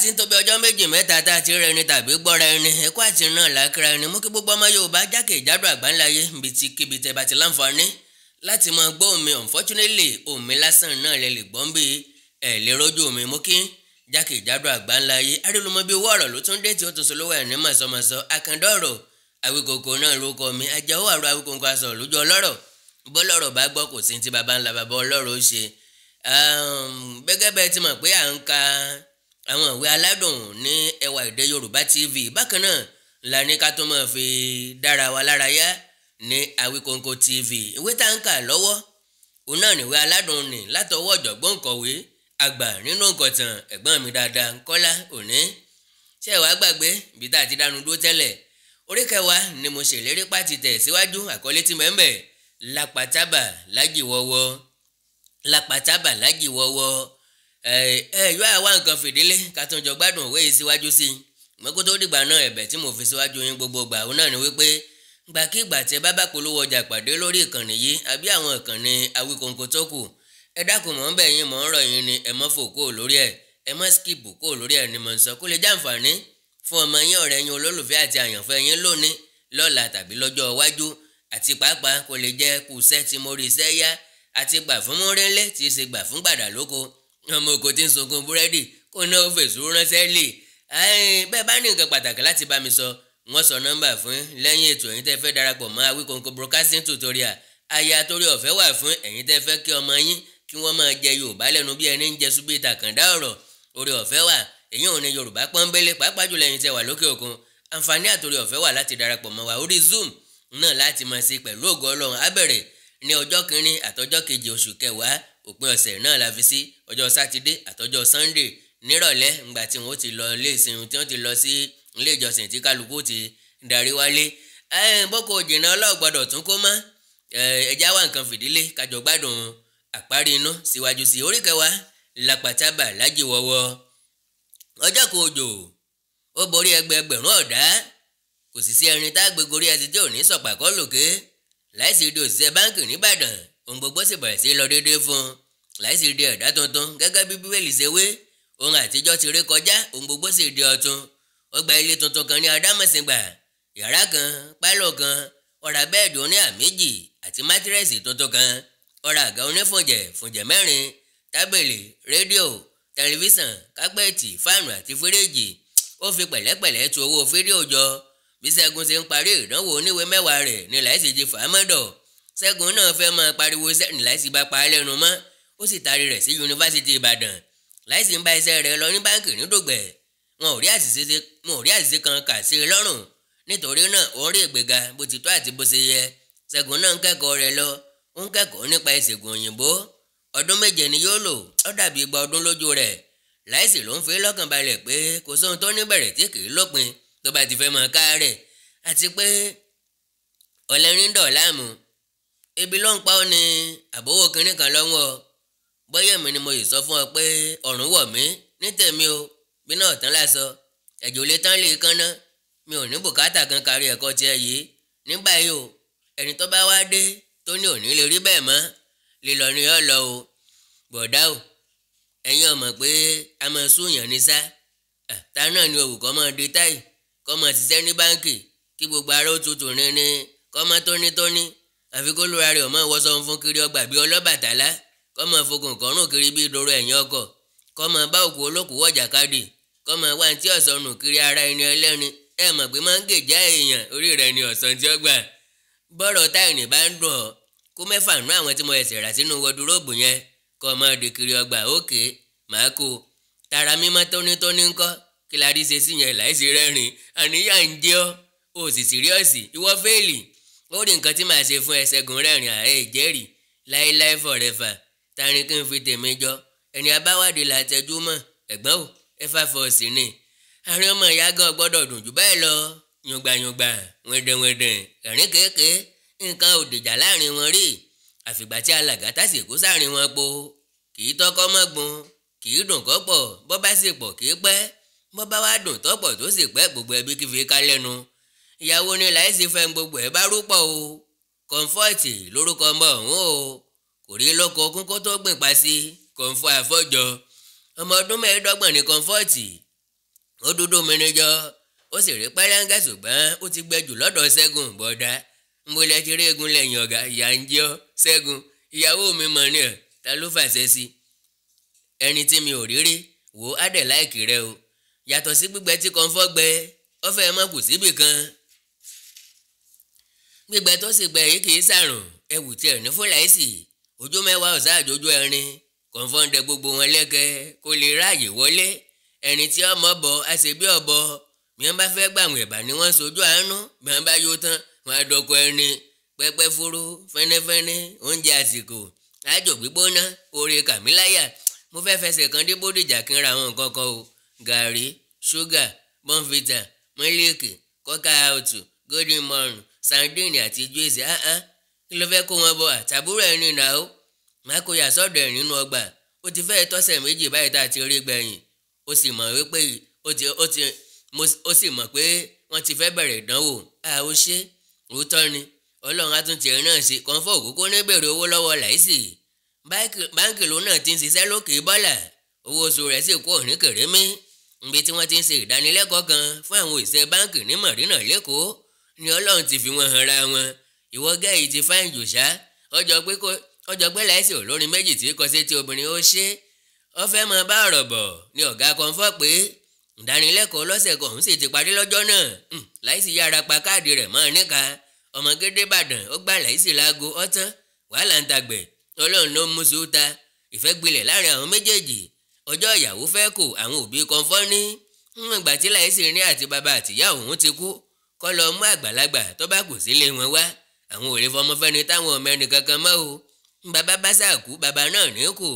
ti ń tó bí ọjọ́ méjì mẹ́ta tá a ti rẹni tàbí gbọ́ra ẹni ẹ̀kọ́ àti náà làákìrá ẹni mú kí gbogbo ọmọ Yorùbá jákèjádò àgbáńláyé bìtì kíbi tẹ́ bá ti láǹfààní láti máa gbọ́ omi unfortunately omi lásán náà lè lè gbọ́n bí ẹ̀ lè rójú omi mú kí jákèjádò àgbáńláyé arílùmọ́ bíi owó ọ̀rọ̀ ló tún dé tí ó tún solówó ẹ̀ ní mọ̀sọ̀mọ̀sọ akandọ́rọ̀ Awíkòkò náà lórúkọ mi ajáwó àrò Awíkòkò aṣọ lójú ọlọ́rọ̀ bọ́lọ́rọ̀ bá gbọ́ kò sí ti baba ńlá baba ọlọ́rọ̀ àwọn ìwé aládùn ní ẹwà èdè Yorùbá TV bákan náà la ní ká tó máa fi dára wa lára yá ní Awikonko TV ìwé tá ń kà lọ́wọ́ òun náà nìwé aládùn ni látọwọ́ ọ̀jọ̀gbọ́n kọ̀wé àgbà nínú nǹkan ẹ̀gbọ́n mi dáadáa Kọ́lá Òní ṣé ẹ wá gbàgbé ibi tá a ti dánu dúró tẹ́lẹ̀ orí kẹwàá ni mo ṣèlérí pàtì tẹ̀ síwájú àkọlé tí mẹ́mẹ́ lápátábà lájìwọ́wọ́ lápátábà lájìwọ́wọ́ ẹ ẹ yọ àwa nǹkan fìdílé kàtúnjọ gbádùn òwe yìí síwájú sí i mọ́kó tó dìgbà náà ẹ̀bẹ̀ tí mo fi síwájú yín gbogbo gbà òun náà ni wípé gbàkígbà tí ẹ bá bá polówó ọjà pàdé lórí ìkànnì yìí àbí àwọn ìkànnì Awíkonko tó kù ẹ dákun mọ̀ ń bẹ̀ yín mọ̀ ń rọ̀ yín ni ẹ mọ́ fò kó lórí ẹ̀ ẹ mọ́ skip kó lórí ẹ̀ ni mò ń sọ kó lè jàǹfààní fún ọmọ yín ọ̀rẹ́ yín olólùfẹ́ àti àyànfẹ́ yín lónìí lọ́la tàbí lọ́jọ́ iwájú àti pàápàá kó lè jẹ́ kùsẹ́ tí mo iṣẹ́ yá àti gbà fún múrẹ́lẹ́ tí í ṣe gbà fún gbàdà lóko ọmọ òkò tí ń sunkún búrẹ́dì kó ná ó fèsù ránṣẹ́ lè bẹ́ẹ̀ bá ní nǹkan pàtàkì láti bá mi sọ wọ́n sọ nọ́mbà fún lẹ́yìn ètò ẹ̀yin tẹ́ fẹ́ darapọ̀ mọ́ Awíkonko broadcasting tutorial aya torí ọ̀fẹ́ wà fún ẹ̀yin tẹ́ fẹ́ kí ọmọ yín kí wọ́n máa jẹ Yorùbá lẹ́nu bí ẹni ń jẹ súbí ìtàkàndá ọ̀rọ̀ orí ọ̀fẹ́ wà èyí ò ní Yorùbá pọ́nbélé pàápàá jùlọ ẹ̀yin tẹ́ wà lókè òkun àǹfààní àtòrí ọ̀fẹ́ wà láti darapọ̀ mọ́ wa orí Zoom náà láti máa ṣe pẹ̀lú ògo Ọlọ́run á bẹ̀rẹ̀ ní ọjọ́ kìíní àtọjọ́ kejì oṣù kẹwàá òpin ọ̀sẹ̀ náà la fi sí ọjọ́ sátidé àtọjọ́ sannde nírọ̀lẹ́ ńgbà tí wọ́n ti lọ ilé ìsìn tí wọ́n ti lọ sí ilé ìjọsìn tí kálukú ti darí wálé boko jìnnà ọlọ́gbọ́dọ̀ tún kó mọ́ ẹja wà nǹkan fìdílé kájọ gbádùn àparí síwájú sí orí kẹwàá làpàtàbà lájìwọ́wọ́ ọjọ́ kojò ó borí ọ̀dá kò sì sí tá a gbégorí tí ò ní sọ̀pàkọ́ ohun gbogbo sì bẹ̀rẹ̀ sí lọ déédéé fún un láìsí di ẹ̀dá tuntun gẹ́gẹ́ bí bíbélì ṣe wé ohun àtijọ́ ti ré kọjá ohun gbogbo sì di ọ̀tun ó gba ilé tuntun kan ní adámọ̀sìngbà yàrá kan pálọ̀ kan ó ra bẹ́ẹ̀dì oníhà méjì àti mátírẹ́sì tuntun kan ó ra àga onífúnjẹ fúnjẹ mẹ́rin tábìlì rédíò tẹlifíṣàn kápẹ́ẹ̀tì fáànù àti fíríjì ó fi pẹ̀lẹ́pẹ̀lẹ́ tu owó fídíò jọ bí Ṣẹ́gun ṣe ń parí ìdánwò oníwèé mẹ́wàá rẹ̀ ní láìsí di fàámọ́dọ̀ ṣẹ́gun náà fẹ́ máa pariwo sẹ́ni láìsí bá pa á lẹ́nu mọ́ ó sì taari rẹ̀ sí yunifásitì ìbàdàn láìsí ń bá iṣẹ́ rẹ̀ lọ ní báńkì nídògbẹ̀ wọn ò rí àṣìṣe kan kà sí i lọ́rùn nítorí náà ó ń rí ìgbéga bó ti tó àti bó ṣe yẹ ṣẹ́gun náà ń kẹ́kọ̀ọ́ rẹ̀ lọ ó ń kẹ́kọ̀ọ́ nípa ìṣègùn òyìnbó ọdún méje ni yóò lò ó dàbí igba ọdún lójú rẹ̀ láìsí ló ń fi lọ́kàn balẹ̀ pé kò sóhun tó níbẹ̀rẹ̀ tí kì í lópin tó bá ti fẹ́ mọ káàárẹ̀ àti pé ọ̀lẹ́rìndọ̀ láàmú ebi ló ń pa ọ́ ni àbówó kinní kan lọ́wọ́ bóyá èmi ni mo yìí sọ fún ọ pé ọ̀run wọ̀ mí ní tèmi o bí náà tán lásọ ẹ̀jọ̀ lè tán lè kánná mi ò ní bùkátà kan kárí ẹ̀kọ́ tiẹ̀ yìí nígbà yìí o ẹni tó bá wá dé tó ní òní lè rí bẹ́ẹ̀ mọ́ lílọ ni ọ lọ o bọ̀dá o ẹ̀yin ọmọ pé a máa súnyàn ní sá ta náà ni òwú kọ́ máa di táì kọ́ máa ṣiṣẹ́ ní báǹkì kí gbogbo ara ó tutù rin ni kọ́ máa tónítóní àfi kó lóra rẹ̀ ọmọ ìwọ́sọ fún kiri ọgbà bíi ọlọ́bàtálá kọ́mọ fokùn kọ́rùn kiri bíi dòrò ẹ̀yìn ọkọ̀ kọ́mọ bá òkú olókùú wọ̀jà káàdì kọ́mọ wá ní tí ọ̀sán nù kiri ara ẹni ẹlẹ́rin ẹ mọ̀ pé máa ń gèjà èèyàn orí rẹ̀ ni ọ̀sán tí ó gbà bọ́rọ̀ táìní bá ń dùn ọ́ kó mẹ́fà nú àwọn tí mo ẹ̀sẹ̀ rà sínú wọdúróòbù yẹn kọ́ ọmọ òde kiri ọgbà òkè màá kó tara mímọ́ tónítóní ńkọ́ kí la rí ṣe sí yẹn láìsí rẹ́rìn àníyàn ń jẹ́ ọ́ òsì ó rí nǹkan tí màá ṣe fún ẹ ṣẹ́gun rẹ́rìn àárẹ̀ ìjẹ́rìí láéláé forever tani kí n fi tèmi jọ ẹni abáwádìí là tẹjú mọ́ ẹ̀gbọ́n ò ẹ fà fọ sí ni àárín ọmọ ìyá gan gbọ́dọ̀ dùn jù bẹ́ẹ̀ lọ yùngbàyùngbà wẹ̀dẹ̀wẹ̀dẹ̀ ẹ̀rín kéèké nǹkan ò dìjà láàrin wọn rí àfìgbà tí alàgàtà sì kó sáàrin wọn po kì í tọkọ mọ́gbọ́n kì í dùn kọ́pọ̀ bọ́ bá sì pọ̀ kì í pẹ́ bọ́ bá wá dùn tọ́pọ̀ tó sì pẹ́ gbogbo ẹbí kí fi ká lẹ́nu ìyàwó ni láìsí fẹ́ gbogbo ẹ̀ bá rúpọ̀ o kọ́ńfọ́ọ̀tì lórúkọ ọmọ ọ̀hún o kò rí lóko okun kó tó gbìn pa sí kọ́ńfọ́ àfọ́jọ ọmọ ọdún mẹ́ẹ̀ẹ́dọ́gbọ̀n ní kọ́ńfọ́ọ̀tì ó dúdú mìíràn ó sì rí pẹ́lẹ́ńgà ṣùgbọ́n ó ti gbẹ́jù lọ́dọ̀ ṣẹ́gun bọ́dá mbolẹ̀ ti rí egun lẹ́yìn ọ̀gá ìyá ń jẹ́ ṣẹ́gun ìyàwó mi mọ̀ ní ẹ̀ ta ló fàṣẹ sí ẹni tí mi ò rí rí wò á dẹ̀ láìkì rẹ o yàtọ̀ sí gbígbẹ tí kọ́ńfọ́ gbẹ ọ fẹ́ síbì kan gbígbẹ tó sì gbẹ yìí kì í sàrùn ẹwù tí ẹ̀rín fúláìsì ojú mẹ́wàá ọ̀sá àjòjú ẹrin kọ̀ǹfọ́ndẹ gbogbo wọn lẹ́kẹ́ kó lè ráàyè wọlé ẹni tí ọmọ bọ àṣebí ọbọ mìíràn bá fẹ́ gbàwìn ẹ̀bà ni wọ́n sojú àánú mìíràn bá yóò tán wọn àdọ́kọ ẹni pẹ́pẹ́ fúrú fẹ́nẹ́fẹ́nẹ́ oúnjẹ àsìkò àjò gbígbóná oore kàmíláyà mo fẹ́ fẹsẹ̀ kan dé bódìjà kí àwọn nǹkan o gàrí ṣúgà bọ́ǹfìtà mílíìkì kọ́kà àùtù golden morning sandrine àti joyce ahán kí ló fẹ́ kó wọn bọ̀ àtàbúrò ẹ̀ rìn náà má kó yà sọ́dọ̀ ẹ̀ nínú ọgbà ó ti fẹ́ẹ́ tọ́sẹ̀ méjì báyìí tá a ti rí gbẹ̀yìn ó sì mọ̀ wípé ó ti ó ti ó sì mọ̀ pé wọ́n ti fẹ́ bẹ̀rẹ̀ ìdánwò a ó ṣe òótọ́ ni ọlọ́run á tún tiẹ̀ náà ṣe kọ́ńfọ́ òkókó ní bèrè owó lọ́wọ́ láìsí báńkì lòun náà ti ń ṣiṣẹ́ lókè bọ́là owó oṣù rẹ̀ sì kú òní kèrèmí níbi tí wọ́n ti ń ṣe ìdánilẹ́kọ̀ọ́ kan fún àwọn òṣìṣẹ́ báńkì ní Marina lẹ́kọ̀ọ́ ni ọlọ́run ti fi wọn hanra wọn ìwọ gẹ́yì ti fáìn jòṣá ọjọ́ pé láìsí olórin méjì tí kò sí ti obìnrin ó ṣe ó fẹ́ mọ bá ọ̀rọ̀ bọ̀ ni ọ̀gá kan fọ́ pé ìdánilẹ́kọ̀ọ́ lọ́sẹ̀ kan òun sì ti parí lọ́jọ́ náà hmm, láìsí yára pa káàdì rẹ̀ mọ́ níka ọmọ gédé ìbàdàn ó gbà láìsí láago ọ̀tán wàhálà ń tagbẹ̀ ọlọ́run ló mú sùúta ìfẹ́ gbilẹ̀ láàrin àwọn méjèèjì ọjọ́ ìyàwó fẹ́ kò àwọn òbí kan fọ́ ní ìgbà tí láìsí ní àti bàbá àtìyá òun ti kú kọ́ lọ mú àgbàlagbà tó bá kù sílé wọn wá àwọn ò lè fọmọ fẹ́ni táwọn ọmọ ẹni kankan mọ́ o bàbá bá sàkú bàbá náà ní kù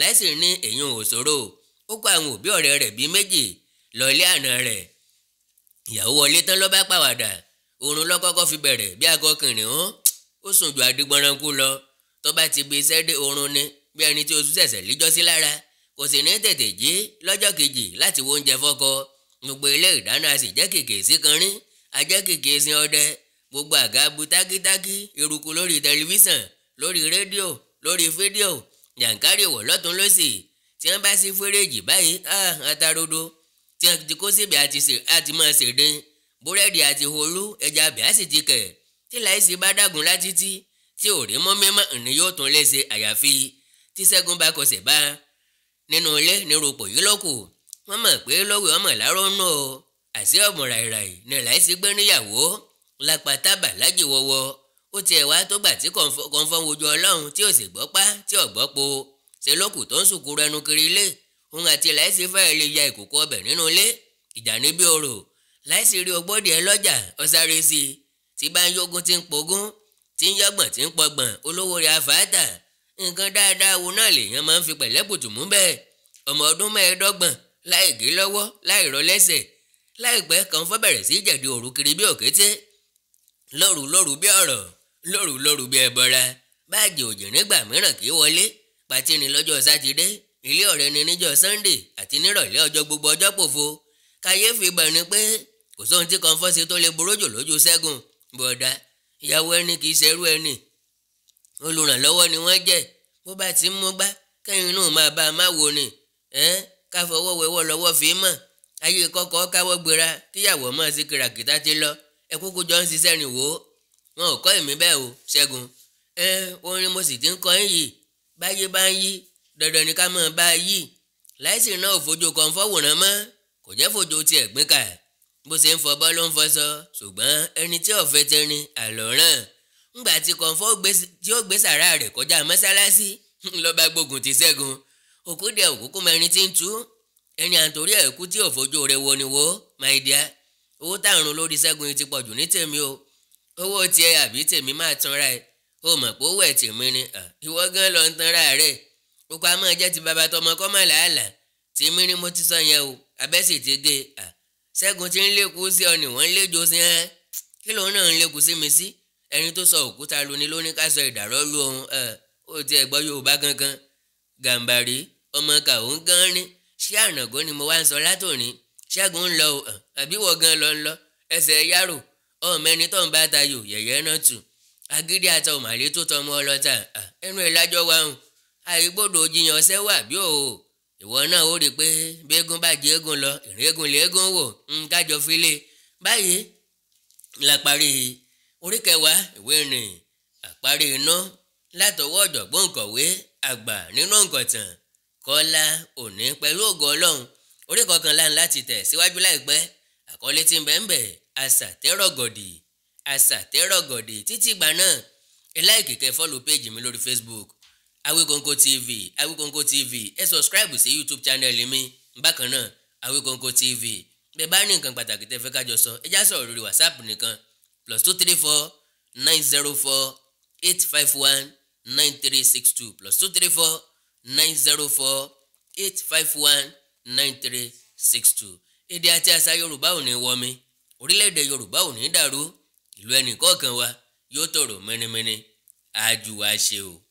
láìsí ní èyí ò ṣòro ó kó àwọn òbí ọ̀rẹ́ rẹ̀ bíi méjì lọ́ọ́lé àná rẹ̀ ìyàwó wọlé tán ló bá pàwàdà oorun lọ́kọ́kọ́ fi bẹ̀rẹ̀ bí aago kìnìún hàn ó sùn ju adigbọranku lọ tó bá ti bi iṣẹ́ dé oorun ni bí ẹni tí oṣù ṣẹ̀ṣẹ̀ líjọ́sí lára kò sì ní tètè jí lọ́jọ́ kejì láti wo oúnjẹ fọ́kọ gbogbo ilé ìdáná sì jẹ́ kèké sí kanrín ajẹ́ kèké sí ọdẹ gbogbo àga bu tákítákí eruku lórí tẹlifíṣàn lórí rédíò lórí fídíò yàǹkárì wọ̀ lọ́tún lọ́sì tí wọ́n bá sí fúrẹ́jì báyìí àtàrodo tí wọ́n ti kó síbi àti máa ṣèdín búrẹ́dì àti holú ẹja bíà sì ti kẹ̀ tí láìsí bá dàgùn látítí tí ò rí mọ́ mímọ́ ní yóò tún léṣe àyàfi tí ṣẹ́gun bá kọsẹ̀ bá nínú ilé nírú pò yìí lọ́kù wọ́n mọ̀ pé lọ́wọ́ ọmọ ìláró nù o àti ọ̀mù ràìràì ni láìsí gbé níyàwó lápá tábà lájì wọ́wọ́ ó tiẹ̀ wá tó gbà tí kọ̀ǹfọ̀n wojú ọlọ́run tí ò sì gbọ́ pa tí ò gbọ́ po ṣe lókù tó ń sùkúrò ẹnu kiri ilé òun àti láìsí fẹ́ẹ́ lè ya ìkòkò ọbẹ̀ nínú ilé ìjà níbi òrò láìsí rí ogbódìẹ lọ́jà ọ̀sáré sí i tí bá ń yógun tí ń pogún tí ń yọgbọ̀n tí ń pọgbọ̀n olówó rẹ̀ àfáàtà nǹkan dáadáa wo náà lèèyàn máa ń fi pẹ̀lẹ́kùtù mú bẹ́ẹ̀ ọmọ ọdún mẹ́ẹ̀ẹ́dọ́gbọ̀n láì gé lọ́wọ́ láì rọ lẹ́sẹ̀ láìpẹ́ kan fọ́ bẹ̀rẹ̀ sí jẹ̀dí òru kiri bí òkété lóru lóru bí ọ̀rọ̀ lóru lóru bí ẹbọra báàgì òjì nígbà mìíràn kì í wọlé pàtí ni lọ́jọ́ sátidé ilé ọ̀rẹ́ ni níjọ́ sannde àti nírọ̀lẹ́ ọjọ́ gbogbo ọjọ́ pòfo kàyéfì bẹ̀ ni pé kò sóhun tí kan fọ́sí tó lè borójò lójú ṣẹ́gun bọ̀dá ìyàwó ẹni kì í ṣerú ẹni olùrànlọ́wọ́ ni wọ́n jẹ́ bó bá ti ń mú gbá kẹ́yìn inú máa bá a máa wò ni ẹ́ eh? káfọwọ́ wẹ̀wọ́ lọ́wọ́ fi mọ̀ ayé kọ́kọ́ káwọ́ gbéra kíyàwó mọ̀ sí kìràkìtà ti lọ ẹ kúkú jọ ń ṣiṣẹ́ rìn wò ó wọn ò kọ́ èmi bẹ́ẹ̀ o ṣẹ́gun ẹ orin mo sì ti ń kọ́ ń yìí báyé bá ń yí dandan ni ká mọ̀ bá a yí láìsí náà òfojú kan fọ́wòrán mọ́ kò jẹ́ fojú tiẹ̀ gbé kà bó ṣe ń fọbọ́ ló ń fọṣọ ṣùgbọ́n ẹni tí ọ̀fẹ́ ti rin àlọ́ràn ńgbà tí kọ̀ǹfọ́ tí ó gbé sàrá rẹ̀ kọjá mọ́sálásí ló gbógun ti ṣẹ́gun òkú dẹ òkúkú mẹ́rin tí ń tú ẹni àtòrí ẹ̀kú tí òfojú rẹ̀ wo ni wo my dear owó táàrùn lórí Ṣẹ́gun ti pọ̀ jù ní tèmi o owó tiẹ̀ àbí tèmi máa tanra ẹ̀ o mọ̀ pé owó ẹ̀ tèmi ni ìwọ gan lọ ń tanra rẹ̀ o pa mọ́ jẹ́ ti bàbá tọmọ kọ́ mọ́ làálàá tèmi ni mo ti sọ yẹn o abẹ́sì ti gé e Ṣẹ́gun ti ń lékú sí ọ nìwọ́n ń léjo sí ẹ́ kí lòun náà ń lékú sí mi sí ẹni tó sọ òkúta lu ni ló ká sọ ìdàrọ́ lu òun ó ti ẹ̀ Yorùbá kankan gàǹbàrí ọmọ kàún gan rin ṣé àràngó ni mo wá ń sọ látòrin ṣẹ́gun ń lọ o àbí wọ́n gan lọ ń lọ ẹsẹ̀ yárò ọmọ ẹni tó ń bá tayò yẹ̀yẹ́ náà tù agídí ata òmàlẹ́ tó tọmọ ọlọ́ta ẹnu ẹ̀ wa hùn àìgbọ́dọ̀ jiyàn ọ̀sẹ̀ wà bí o ìwọ náà ó rí i pé bẹ́ẹ̀gùn bá jẹ́ eégún lọ ìrẹ́gùn lẹ́ẹ̀gùn wò ń kájọ fílẹ̀ báyìí la parí orí kẹwàá ìwé ìrìn àparí iná látọwọ́ ọ̀jọ̀gbọ́n kọ̀wé àgbà nínú ọ̀ǹkọ̀tàn kọ́lá òní pẹ̀lú ògo ọlọ́run orí kọkànlá ńlá ti tẹ̀ síwájú láìpẹ́ àkọlé tí ń bẹ̀ ń bẹ̀ àṣàtẹ́rọ̀gọ̀dì àṣàtẹ́rọ̀gọ̀dì títí ìgbà náà ẹ láìkì kẹ́ fọ́lù péjì mi lórí Facebook Awikonko TV Awikonko TV ẹ sọ̀scribe sí YouTube channel mi bákan náà Awikonko TV bẹ́ẹ̀ bá ní nǹkan pàtàkì tẹ́ fẹ́ kájọ sọ ẹ já sọ̀rọ̀ lórí WhatsApp nìkan plus two three four nine zero four eight five one nine three six two plus two three four nine zero four eight five one nine three six two èdè àti àṣà yorùbá ò ní wọmi orílẹ̀-èdè yorùbá ò ní dàrú ìlú ẹnìkọ̀ọ̀kan wa yóò tòrò mẹ́nimẹ́ni wa ṣe o.